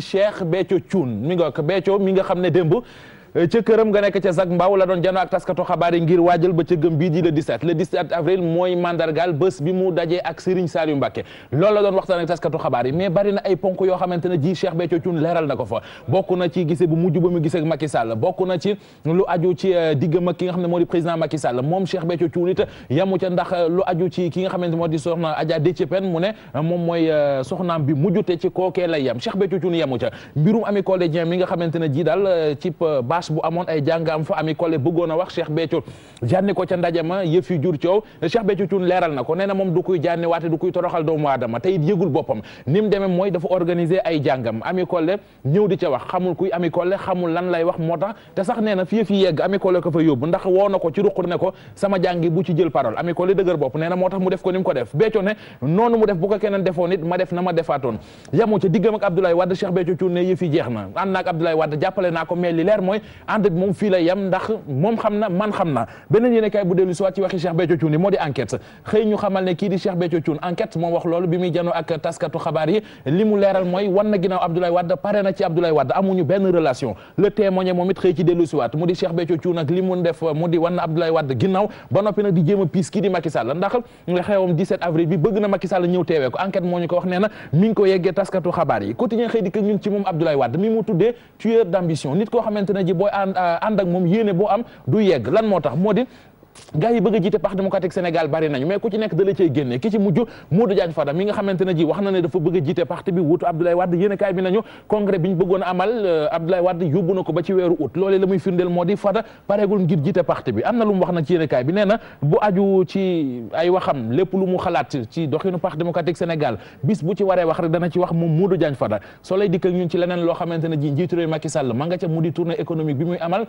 ci Cheikh Béthio Thioune mi nga ko Béthio mi nga xam ne démb ca këram nga nekk ca Zac Mbao la doon jano ak taskatu xabaar yi ngir waajal ba ca gëm bii di le 17 le 17 avril mooy mandargal bés bi mu dajee ak Serigne Saliou Mbacké loolu la doon waxtaan ak taskatu xabaar yi mais bari ay ponk yoo xamante ne ji Cheikh Béthio Thioune leeral na ko fa bokk na ci gise bu mujj ba mu gise ak Macky Sall bokk na ci lu aju ci euh, diggam ak ki nga xam ne moo di président Macky Sall moom Cheikh Béthio Thioune yamu ca ndax euh, lu aju ci ki nga xamante moo di soxna Adja Déthié Pène mu ne euh, moom mooy soxnaam bi mujjute ci kookee lay yam Cheikh Béthio Thioune yamu ca mbirum Ami nga xamante ne ji daal ci Fass bu amoon ay jàngaam fa ami collé bëggoon a wax Cheikh Béthio jànni ko ca ndaje ma yëf jur coow Cheikh Béthio Thioune leeral na ko nee moom du kuy jànni waate du kuy toroxal doomu aadama te yëgul boppam ni mu mooy dafa organiser ay jàngam ami collé ca wax xamul kuy ami xamul lan lay wax moo tax te sax nee fi yëf yegg ami ko fa yóbbu ndax woo ko ci ruq ne ko sama jàngi bu ci jël parole ami dëgër bopp nee moo tax mu def ko ànd moom fii la ndax moom xam na man xam na beneen yéen bu dellu waxi Cheikh Béthio Thioune moo di enquête xëy ñu xamal ne kii di Cheikh Béthio Thioune enquête moom di Cheikh Béthio Thioune ak li mu def mu di wan na Abdoulaye Wade ba noppi nag di jéem a kii di Macky Sall ndax xewam 17 avril bi bëgg na Macky ñëw teewee enquête moo ñu ko wax nee na ko yeggee taskatu xabaar yi quotidien xëy di ñun ci moom Abdoulaye Wade mi booy ànd ànd ak moom yéene boo am du yegg lan moo tax moo di gars yi bëgg a jiite parti démocratique bari nañu mais ku ci nekk da la cey génne ki ne ji wax na ne dafa bëgg a jiite parti bi wuutu Abdoulaye Wade yéen a kaay bi nañu congrès bi ñu euh, na ko ba ci weeru am na lu mu wax nag ci yéen a kaay bi nee na bu aju ci ay waxam lépp lu mu xalaat ci doxinu parti wax rek dana ci wax moom Modou Diagne Fada soo lay leneen loo xamante ne ji njiitu réew Macky Sall ma nga mu di bi muy amal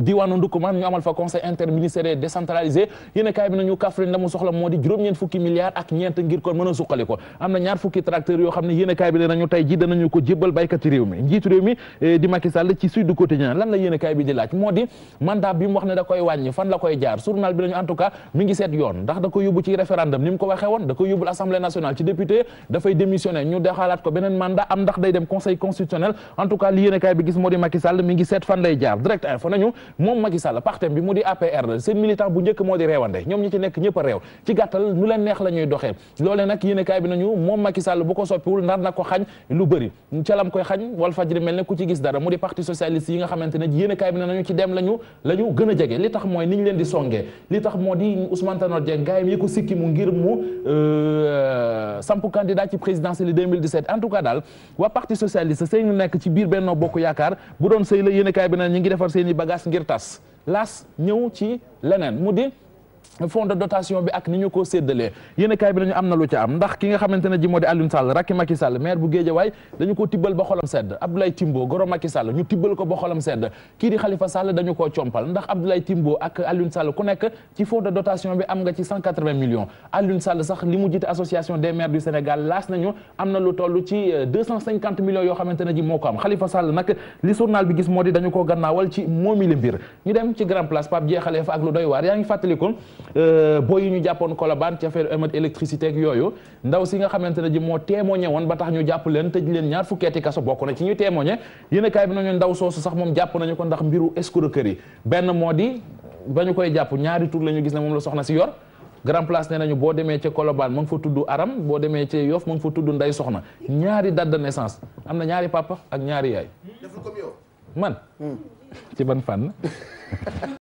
diwaanu Ndoukoumane ñu amal fa conseil interministériel décentralisé yéen bi nañu Kaffrine la mu soxla moo di juróom-ñeent fukki milliards ak ñeent ngir kon mën a suqali am na ñaar fukki tracteur yoo xam ne yéen bi ne nañu tey ji danañu ko jébbal baykati réew mi njiitu réew mi eh, di Macky Sall ci Sud Quotidien lan la yéen a kaay bi di laaj moo di mandat bi wax ne da koy wàññi fan la koy jaar journal bi nañu en tout cas mi ngi seet yoon mom Macky Sall partem bi mu di APR la seen militant bu ñëk moo di reewande ñoom ñi ci nek ñëpp réw ci gattal nu leen neex lañuy doxé lolé nak yene kay bi nañu mom Macky Sall bu ko wul nar na ko lu bëri ci lam koy xagn wal fajr melni ku ci gis dara mu di parti socialiste yi nga xamantene yene kay bi nañu ci dem lañu lañu gëna jégé li tax moy niñ leen di songé li tax moo di Ousmane Tanor Dieng gaay mi ko sikki mu ngir mu euh, samp candidat ci présidentiel 2017 en tout cas dal wa parti socialiste seen nek ci bir Benno bokku Yaakaar bu doon sey la yene kay bi nañu ngi défar bagage ngir tas las ñëw ci leneen mu di fonds de dotation bi ak ni ñu ko séddalee yéen kaay bi nañu am na lu ca am ndax ki nga xamante ne ji moo di Alioune Sall rakki Macky Sall maire bu Guédiawaye dañu ko tibbal ba xolam sedd Abdoulaye Timbo goro Macky Sall ñu tibbal ko ba xolam sedd kii di Khalifa Sall dañu koo compal ndax Abdoulaye Timbo ak Alioune Sall ku nekk ci fonds de dotation bi am nga ci 180 millions Alioune Sall sax li mu jiite association des maires du Sénégal laas nañu na lu euh, yoo xamante ne ji moo ko am na Sall moo di dañu koo gannaawal ci moomile mbir ñu dem ci grand place Pape jeexalee lu doy yaa ngi fàttaliku Euh, booy yi ñu jàppoon Colobane ci affaire électricité ak yooyu ndaw si nga xamante ne ji moo témoigné woon ba tax ñu jàpp leen tëj leen ñaar fukkeeti kaso bokk na ci ñu témoigné yéen a kaay bi ndaw soosu sax moom jàpp nañu ko ndax mbiru escroquerie benn moo di ba ñu koy jàpp ñaari tur la ñu gis ne moom la soxna si yor grand place nee nañu boo demee ca Colobane mu ngi fa tudd Aram boo demee ca Yoff mu ngi fa tudd Ndey Soxna ñaari date de naissance am na ñaari papa ak ñaari yaay man hmm. ci ban fànn